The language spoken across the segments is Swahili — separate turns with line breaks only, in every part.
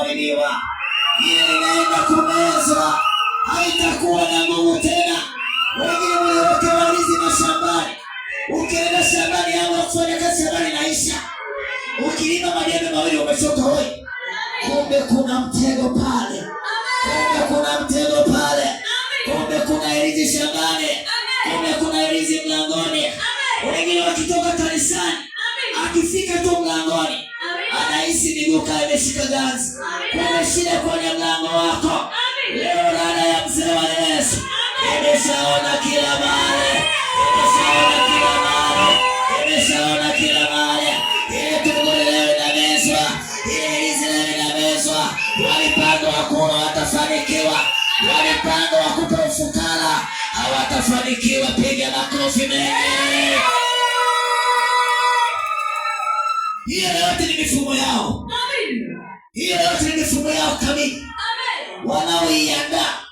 kumwagiliwa, ili inaenda kumezwa, haitakuwa na nguvu tena. Wengine mliweke walizi mashambani, ukienda shambani au kufanya kazi shambani naisha, ukilima majembe mawili umechoka hoi, kumbe kuna mtego pale, kumbe kuna mtego pale, kumbe kuna herizi shambani, kumbe kuna herizi mlangoni. Wengine wakitoka kanisani, akifika tu mlangoni usibibuka imeshika ganzi, kuna shida kwenye mlango wako leo. Rana ya mzee wa Yesu imeshaona kila mahali, imeshaona kila mahali, imeshaona kila mahali. Ile tunguli leo inamezwa, ile hizi leo inamezwa. Walipanga wakuna watafanikiwa, walipanga wakupe ufukara hawatafanikiwa. Piga makofi mengi. Hiyo yote ni mifumo yao, hiyo yote ni mifumo yao kamili wanaoiandaa.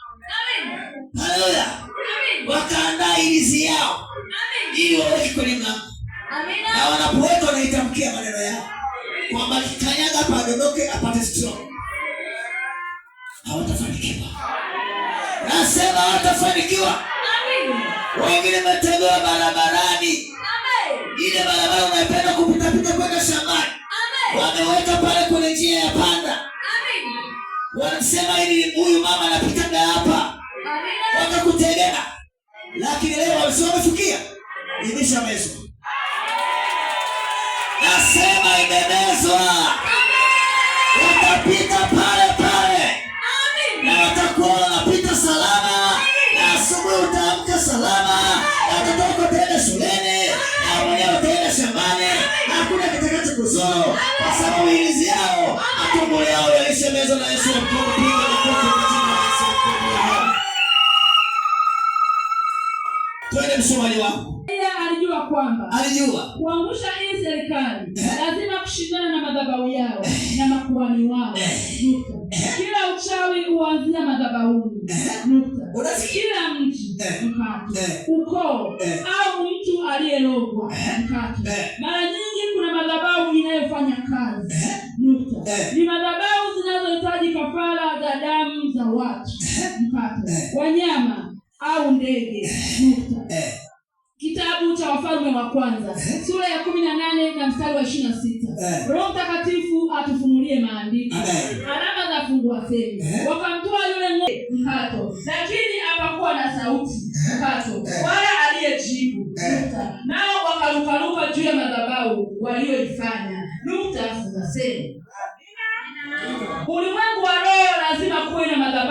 Haleluya! wakaandaa ilizi yao ili waweke kwenye mlango, na wanapoweka wanaitamkia maneno yao kwamba kikanyaga hapa adondoke apate strong. Hawatafanikiwa, nasema hawatafanikiwa. Wengine wametegewa barabarani ile barabara unapenda kupitapita kwenda shambani, wameweka pale kwenye njia ya panda, wanasema hili huyu mama anapitaga hapa, wakakutegea. Lakini leo wamefikia, imeshamezwa, nasema imemezwa. zao, kwa sababu miili yao matumbo yao yalisemezwa na Yesu. na kwa Twende msomaji wako alijua
kwamba alijua kuangusha hii serikali eh. lazima kushindana na madhabahu yao eh. na makuhani wao. Eh. Nukta. Kila uchawi huanzia madhabahuni. Nukta. Kila mji mkati ukoo au mtu aliyelogwa mkati mara nyingi kufanya kazi eh? nukta eh? ni madhabahu zinazohitaji kafara za damu za watu eh? eh? wanyama au ndege eh? nukta eh? kitabu cha wafalme wa kwanza eh? sura ya kumi na nane na mstari wa ishirini na sita eh? roho mtakatifu atufunulie maandiko alama za fungua semi eh? wakamtoa yule m mkato lakini hapakuwa na sauti eh? mkato eh. wala aliyejibu eh. nukta nao wakarukaruka juu ya madhabahu walioifanya zenu. Ulimwengu wa roho lazima kuwe na madhabahu.